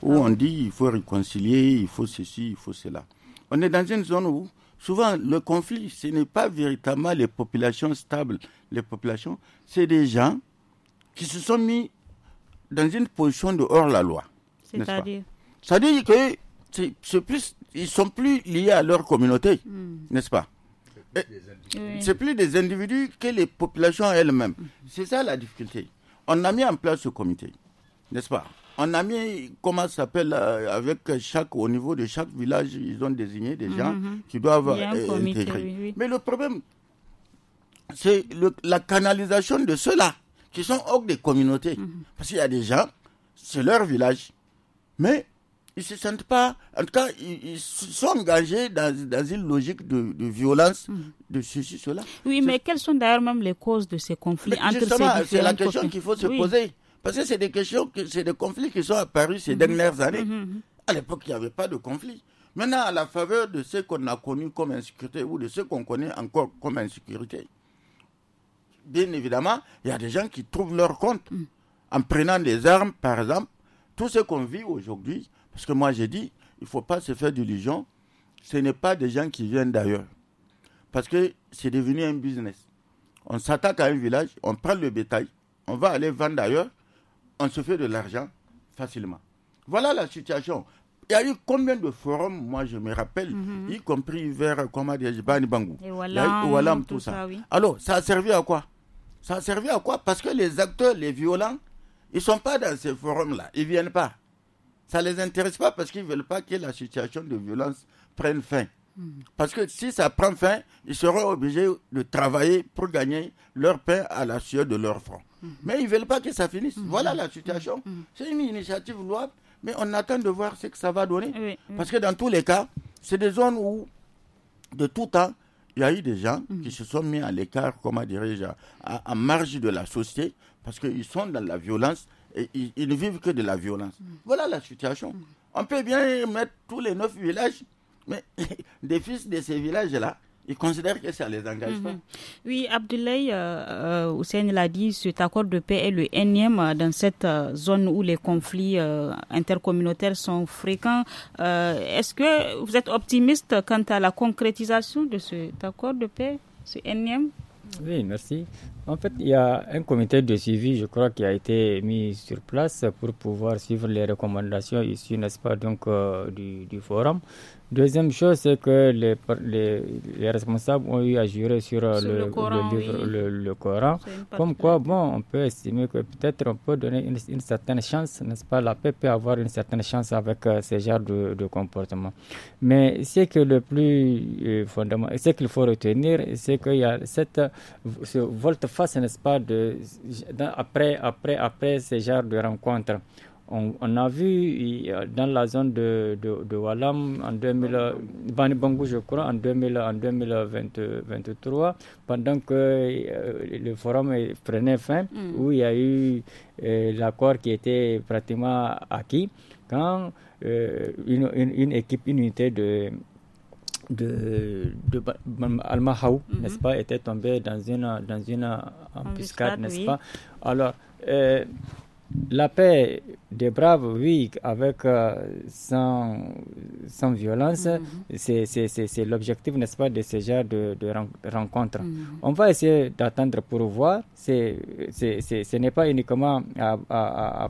où ah. on dit il faut réconcilier, il faut ceci, il faut cela. On est dans une zone où souvent le conflit, ce n'est pas véritablement les populations stables, les populations, c'est des gens qui se sont mis dans une position de hors la loi. C'est-à-dire C'est-à-dire que c'est plus, ils sont plus liés à leur communauté, hmm. n'est-ce pas C'est plus des individus que les populations elles-mêmes. Hmm. C'est ça la difficulté. On a mis en place ce comité, n'est-ce pas On a mis, comment ça s'appelle, euh, avec chaque, au niveau de chaque village, ils ont désigné des gens hmm, qui doivent euh, Mais le problème, c'est la canalisation de ceux-là qui sont hors des communautés. Parce qu'il y a des gens, c'est leur village, mais ils se sentent pas, en tout cas, ils, sont engagés dans, une logique de, violence, hmm. de ceci, cela. Oui, mais quelles sont d'ailleurs même les causes de ces conflits entre Justement, c'est la question qu'il faut se poser. Parce que c'est des questions, que, c'est des conflits qui sont apparus ces hmm. dernières hmm, années. À l'époque, il n'y avait pas de conflit. Maintenant, à la faveur de ce qu'on a connu comme insécurité ou de ce qu'on connaît encore comme insécurité, bien évidemment, il y a des gens qui trouvent leur compte en prenant des armes, par exemple. Tout ce qu'on vit aujourd'hui, parce que moi, j'ai dit, il ne faut pas se faire d'illusions. Ce n'est pas des gens qui viennent d'ailleurs. Parce que c'est devenu un business. On s'attaque à un village, on prend le bétail, on va aller vendre d'ailleurs, on se fait de l'argent facilement. Voilà la situation. Il y a eu combien de forums, moi je me rappelle, mhm. y compris vers, comment Bangou. Et tout, ça. Alors, ça a servi à quoi Ça a servi à quoi Parce que les acteurs, les violents, ils ne sont pas dans ces forums-là. Ils ne viennent pas ça ne les intéresse pas parce qu'ils ne veulent pas que la situation de violence prenne fin. Hmm. Parce que si ça prend fin, ils seront obligés de travailler pour gagner leur pain à la sueur de leur front. Hmm. Mais ils ne veulent pas que ça finisse. Hmm. Voilà la situation. C'est une initiative louable, mais on attend de voir ce que ça va donner. Parce que dans tous les cas, c'est des zones où, de tout temps, il y a eu des gens qui se sont mis à l'écart, comment dirais-je, à, à, marge de la société, parce qu'ils sont dans la violence ils, ils, ne vivent que de la violence. Mm. Voilà la situation. Mm. On peut bien mettre tous les neuf villages, mais des fils de ces villages-là, ils considèrent que ça les engage pas. Mm-hmm. Oui, Abdoulaye euh, euh l'a dit, cet accord de paix est le énième euh, dans cette euh, zone où les conflits intercommunautaires sont fréquents. Est-ce que vous êtes optimiste quant à la concrétisation de cet accord de paix, ce énième oui, merci. En fait, il y a un comité de suivi, je crois, qui a été mis sur place pour pouvoir suivre les recommandations issues, n'est-ce pas, donc, euh, du, du, forum. Deuxième chose, c'est que les, les, responsables ont eu à jurer sur, le, Coran, livre, le, Coran. Comme quoi, bon, on peut estimer que peut-être on peut donner une, certaine chance, n'est-ce pas La paix peut avoir une certaine chance avec ces euh, ce genre de, de, comportement. Mais ce que le plus euh, fondamental, ce qu'il faut retenir, c'est qu'il y a cette ce volte-face, n'est-ce pas, de, après, après, après ce genre de rencontre. On, a vu euh, dans la zone de, de, Walam en 2000, je crois, en, 2000, en 2023, pendant que euh, le forum prenait fin, mm. où il y a eu euh, l'accord qui était pratiquement acquis, quand une, une, équipe, une unité de, de, de mm-hmm. n'est-ce pas, était tombée dans une, dans une embuscade, n'est-ce pas Alors, la paix des braves, oui, avec euh, sans, sans, violence, mhm. c'est l'objectif, n'est-ce pas, de ce genre de, de rencontre. Mhm. On va essayer d'attendre pour voir. C'est ce n'est pas uniquement à, à, à,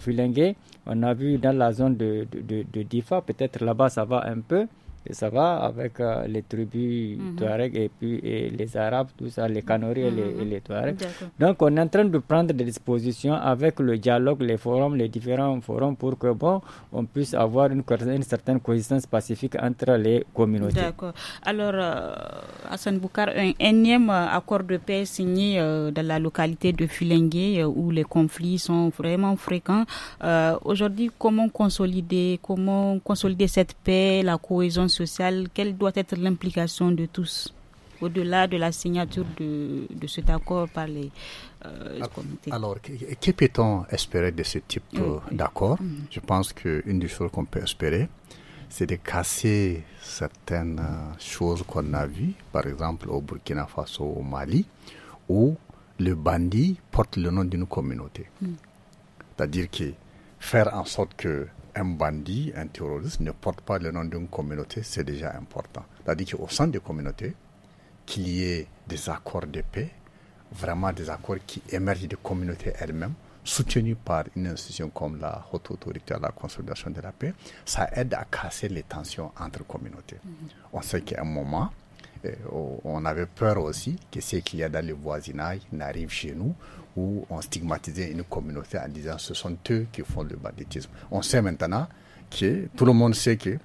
On a vu dans la zone de, de, de Difa, peut-être là-bas ça va un peu. Et ça va avec euh, les tribus mm Touareg et puis et les Arabes, tout ça, les Canaries et, les, mhm. les Donc on est en train de prendre des dispositions avec le dialogue, les forums, les différents forums pour que bon, on puisse avoir une, certaine cohésion pacifique entre les communautés. D'accord. Alors, euh, Hassan Boukar, un énième euh, accord de paix signé dans la localité de Filengue où les conflits sont vraiment fréquents. Aujourd'hui, comment consolider, comment consolider cette paix, la cohésion sociale, quelle doit être l'implication de tous au-delà de la signature de, cet accord par les euh, Alors, que, peut-on espérer de ce type euh, d'accord mhm. Je pense qu'une des choses qu'on peut espérer, c'est de casser certaines euh, choses qu'on a vues, par exemple au Burkina Faso, au Mali, où le bandit porte le nom d'une communauté. communautés. C'est-à-dire que faire en sorte que un bandit, un terroriste ne porte pas le nom d'une communauté, c'est déjà important. C'est-à-dire qu'au sein des communautés, qu'il y ait des accords de paix, vraiment des accords qui émergent des communautés elles-mêmes, soutenus par une institution comme la Haute Autorité à la Consolidation de la Paix, ça aide à casser les tensions entre communautés. Mhm. On sait qu'à un moment, eh, on avait peur aussi que ce qu'il y a dans le voisinage n'arrive chez nous où on stigmatisait une communauté en disant ce sont eux qui font le banditisme. On sait maintenant que tout le monde sait que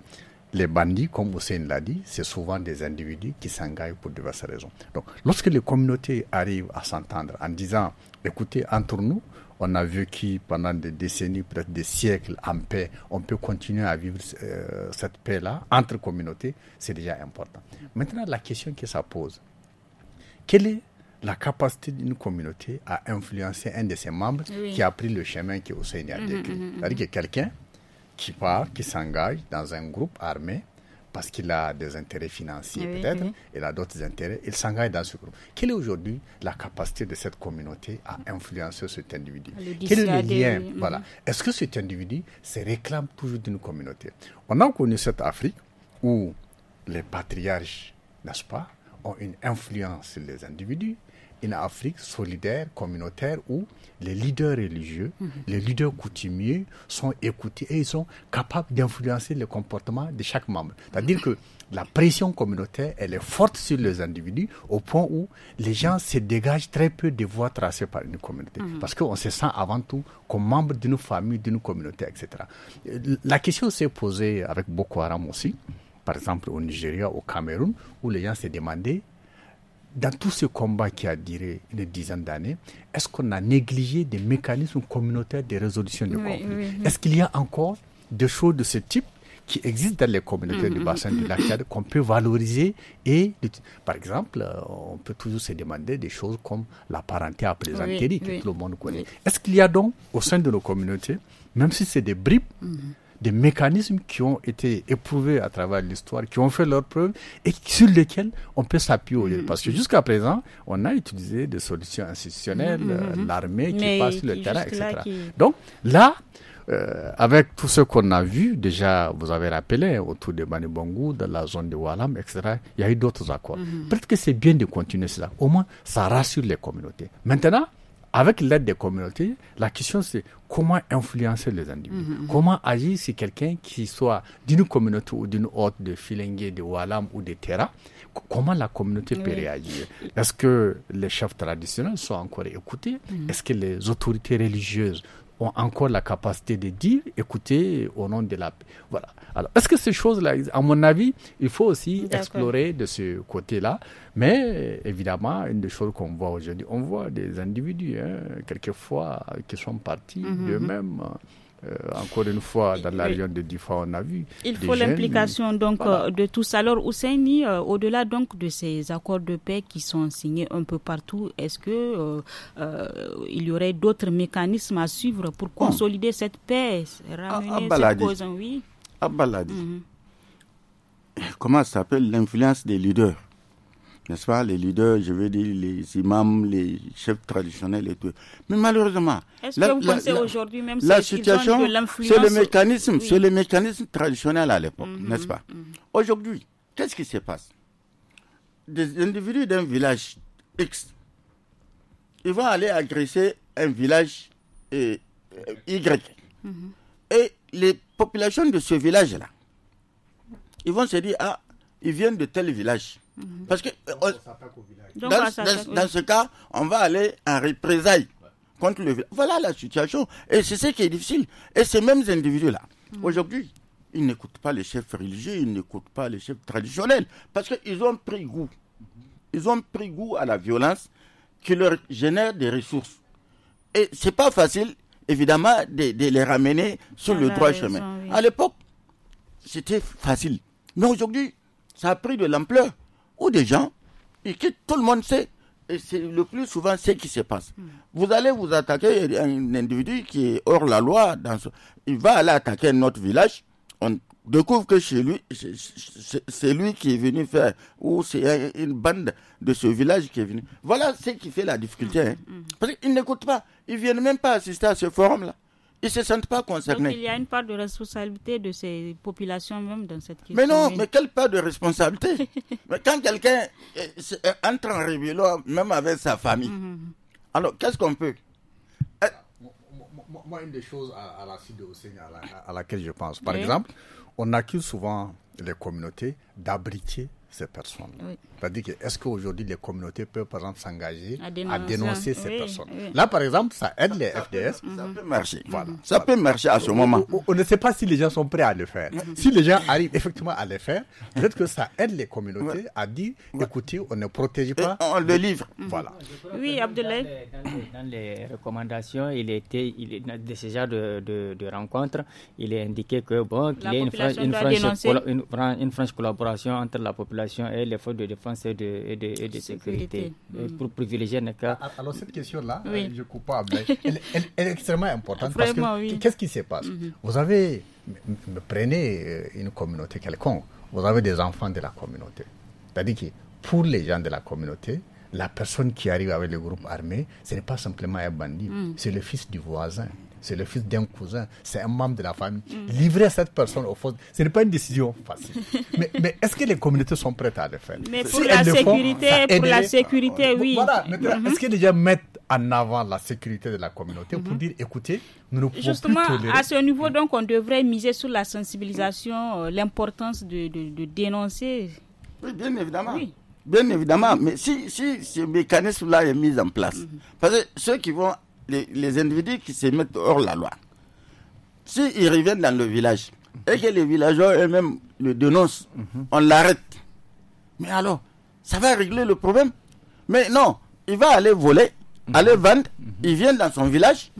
les bandits, comme Hussein l'a dit, c'est souvent des individus qui s'engagent pour diverses raisons. Donc, lorsque les communautés arrivent à s'entendre en disant, écoutez, entre nous, on a vécu pendant des décennies, peut-être des siècles en paix. On peut continuer à vivre euh, cette paix-là entre communautés. C'est déjà important. Maintenant, la question que ça pose, quelle est la capacité d'une communauté à influencer un de ses membres qui a pris le chemin qui est au décrit. Mm-hmm, mm-hmm, mm-hmm. C'est-à-dire que quelqu'un qui part, qui s'engage dans un groupe armé, parce qu'il a des intérêts financiers peut-être, il a d'autres intérêts, il s'engage dans ce groupe. Quelle est aujourd'hui la capacité de cette communauté à influencer cet individu Quel est le lien voilà. Est-ce que cet individu se réclame toujours d'une communauté On a connu cette Afrique où les patriarches, n'est-ce pas, ont une influence sur les individus, une Afrique solidaire, communautaire, où les leaders religieux, mhm. les leaders coutumiers sont écoutés et ils sont capables d'influencer le comportement de chaque membre. C'est-à-dire que la pression communautaire, elle est forte sur les individus au point où les gens se dégagent très peu des voies tracées par une communauté. Mhm. Parce qu'on se sent avant tout comme membre d'une famille, d'une communauté, etc. Euh, la question s'est posée avec Boko Haram aussi, par exemple au Nigeria, au Cameroun, où les gens se demandaient dans tout ce combat qui a duré une dizaines d'années, est-ce qu'on a négligé des mécanismes communautaires de résolution de conflits Est-ce qu'il y a encore des choses de ce type qui existent dans les communautés du mm-hmm. bassin du lac qu'on peut valoriser et par exemple euh, on peut toujours se demander des choses comme la parenté à présent que tout le monde connaît est-ce qu'il y a donc au sein de nos communautés même si c'est des bribes mm-hmm des mécanismes qui ont été éprouvés à travers l'histoire, qui ont fait leurs preuves et sur lesquels on peut s'appuyer mm-hmm. Parce que jusqu'à présent, on a utilisé des solutions institutionnelles, mm-hmm. euh, l'armée qui passe sur le terrain, etc. Donc là, euh, avec tout ce qu'on a vu, déjà, vous avez rappelé, autour de Banibongo, dans la zone de Walam, etc., il y a eu d'autres accords. Mm-hmm. Peut-être que c'est bien de continuer cela. Au moins, ça rassure les communautés. Maintenant, avec l'aide des communautés, la question c'est comment influencer les individus, mm-hmm. comment agir si quelqu'un qui soit d'une communauté ou d'une autre, de Filengue, de Walam ou de Terra, comment la communauté peut réagir. Est-ce que les chefs traditionnels sont encore écoutés mm-hmm. Est-ce que les autorités religieuses ont encore la capacité de dire, écouter au nom de la paix. Voilà. Alors, est-ce que ces choses-là, à mon avis, il faut aussi explorer de ce côté-là. Mais évidemment, une des choses qu'on voit aujourd'hui, on voit des individus, hein, quelquefois, qui sont partis eux mhm. d'eux-mêmes. Euh, encore une fois, dans la région de Diffa, on a vu. Il faut l'implication donc euh, de tous. Alors, Ousseini, euh, au-delà donc de ces accords de paix qui sont signés un peu partout, est-ce que il y aurait d'autres mécanismes à suivre pour consolider cette paix, ramener ah, ah, ah, mhm. Comment s'appelle l'influence des leaders n'est-ce pas, les leaders, je veux dire les imams, les chefs traditionnels et tout. Mais malheureusement, la, situation, c'est le mécanisme, c'est le mécanisme traditionnel à l'époque, mhm, n'est-ce pas mhm. Aujourd'hui, qu'est-ce qui se passe Des individus d'un village X, ils vont aller agresser un village euh, euh, Y. Mhm. Et les populations de ce village-là, ils vont se dire, ah, ils viennent de tels villages. Mhm. Parce que dans, dans, ce cas, on va aller en représailles contre le village. Voilà la situation. Et c'est ce qui est difficile. Et ces mêmes individus-là, mhm. aujourd'hui, ils n'écoutent pas les chefs religieux, ils n'écoutent pas les chefs traditionnels, parce qu'ils ont pris goût. Ils ont pris goût à la violence qui leur génère des ressources. Et c'est pas facile, évidemment, de, les ramener sur le droit chemin. À l'époque, c'était facile. Mais aujourd'hui, ça a pris de l'ampleur, Ou des gens, ils quittent, tout le monde sait, et c'est le plus souvent ce qui se passe. Hmm. Vous allez vous attaquer à un individu qui est hors la loi, il va aller attaquer un autre village, on découvre que chez lui, c'est lui qui est venu faire, ou c'est une bande de ce village qui est venu. Voilà ce qui fait la difficulté. Hein. Hmm. Parce qu'ils n'écoutent pas, ils ne viennent même pas assister à ce forum-là. Ils se sentent pas concernés. il y a une part de responsabilité de ces populations même dans cette question. Mais non, mais quelle part de responsabilité mais Quand quelqu'un euh, euh, entre en rébellion, même avec sa famille, mhm. alors qu'est-ce qu'on peut eh, moi, une des choses à, la suite de à, à, laquelle je pense, par exemple, on accuse souvent les communautés d'abriter ces personnes cest dire que est-ce qu'aujourd'hui les communautés peuvent par exemple s'engager à dénoncer, ces personnes Là par exemple, ça aide les FDS. ça peut marcher. Mhm. Ça peut marcher à ce moment. On, ne sait pas si les gens sont prêts à le faire. Mhm. Si les gens arrivent effectivement à le faire, peut-être que ça aide les communautés à dire écoutez, on ne protège pas. on le livre. Mhm. Voilà. Oui, Abdoulaye. Dans, les, recommandations, il était, il, de ce de, de, rencontre, il est indiqué que bon, qu'il y a une une, franche collaboration entre la population et les forces de défense et de, sécurité, mm. pour privilégier les cas. Ah, ah, alors cette question-là, euh, je coupable, hein. elle, elle, elle, est extrêmement importante qu'est-ce qui se passe mm-hmm. Vous avez, prenez euh, une communauté quelconque, vous avez des enfants de la communauté. C'est-à-dire que pour les gens de la communauté, la personne qui arrive avec le groupe armé, ce n'est pas simplement un bandit, mm. c'est le fils du voisin c'est le fils d'un cousin, c'est un membre de la famille. Mm. Livrer cette personne au fond, ce n'est pas une décision facile. mais, mais est-ce que les communautés sont prêtes à le faire Mais pour, la sécurité, pour la sécurité, oui. Mm-hmm. est-ce que les gens mettent en avant la sécurité de la communauté pour mm-hmm. dire, écoutez, nous ne pouvons Justement, plus tolérer... à ce niveau, mm. donc, on devrait miser sur la sensibilisation, euh, l'importance de, de, dénoncer. Oui, bien évidemment. Oui bien évidemment, mais si, si ce mécanisme-là est mis en place, mm-hmm. parce que ceux qui vont les, individus qui se mettent hors la loi, s'ils reviennent dans le village et que les villageois eux-mêmes le dénoncent, on l'arrête. Mais alors, ça va régler le problème Mais non, il va aller voler, aller vendre, il vient dans son village,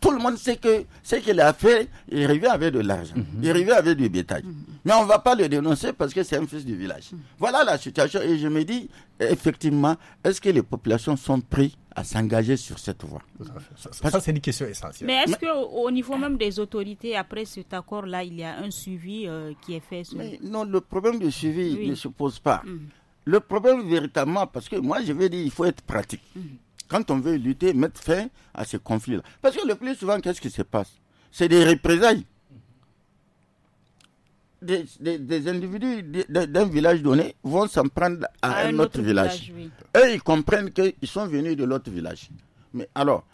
tout le monde sait que ce qu'il a fait, il revient avec de l'argent, il revient avec du bétail. Mais on ne va pas le dénoncer parce que c'est un fils du village. Voilà la situation. Et je me dis, effectivement, est-ce que les populations sont prises à s'engager sur cette voie. Ça, c'est une question essentielle. Mais est-ce qu'au niveau même des autorités, après cet accord-là, il y a un suivi euh, qui est fait Non, le problème du suivi ne se pose pas. Mm. Le problème véritablement, parce que moi je veux dire, il faut être pratique. Mm. Quand on veut lutter, mettre fin à ces conflits-là. Parce que le plus souvent, qu'est-ce qui se passe C'est des représailles des, des, individus d'un village donné vont s'en prendre à, un, autre, village. Eux, ils comprennent qu'ils sont venus de l'autre village. Mais alors,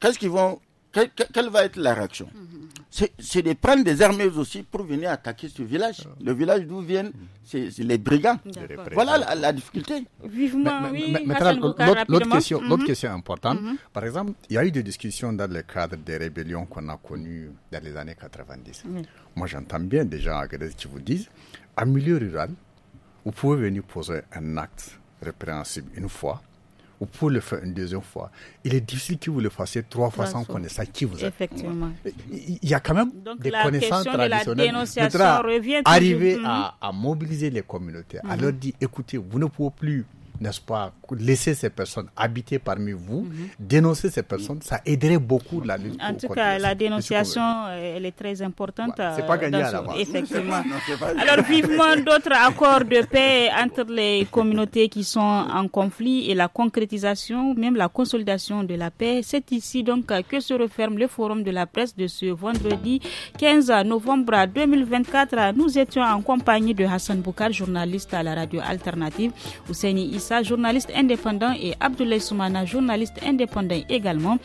qu'est-ce qu'ils vont quelle, va être la réaction mm-hmm. C'est de prendre des armées aussi pour venir attaquer ce village. Ah. Le village d'où viennent les brigands. Voilà la, difficulté. Vivement, L'autre question, mm-hmm. importante, mm-hmm. par exemple, il y a eu des discussions dans le cadre des rébellions qu'on a connues dans les années 90. Moi, j'entends bien des gens qui vous disent, en milieu rural, vous pouvez venir poser un acte répréhensible une fois, ou pour le faire une deuxième fois, il est difficile que vous le fassiez trois fois sans connaître qui vous êtes. Effectivement. Il y a quand même des connaissances traditionnelles. la arriver à, mm. à, mobiliser les communautés, à mm. leur dire écoutez, vous ne pouvez plus n'est-ce pas, laisser ces personnes habiter parmi vous, dénoncer ces personnes, ça aiderait beaucoup la lutte. En tout cas, la dénonciation, euh, elle est très importante. C'est pas euh, gagné à l'avance. Effectivement. Alors, vivement d'autres accords de paix entre les communautés qui sont en conflit et la concrétisation, même la consolidation de la paix. C'est ici donc que se referme le forum de la presse de ce vendredi 15 novembre 2024. Nous étions en compagnie de Hassan Boukar, journaliste à la radio alternative, Ousseini Issa journaliste indépendant, et Abdoulaye Soumana, journaliste indépendant également.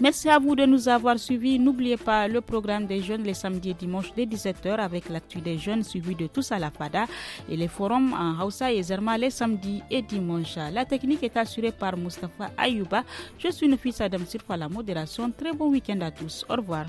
Merci à vous de nous avoir suivis. N'oubliez pas le programme des jeunes les samedis et dimanches dès 17h avec l'actu des jeunes suivi de tous à la FADA et les forums en Hausa et Zerma les samedis et dimanches. La technique est assurée par Mustapha Ayouba. Je suis fille Adam pour la modération. Très bon week-end à tous. Au revoir.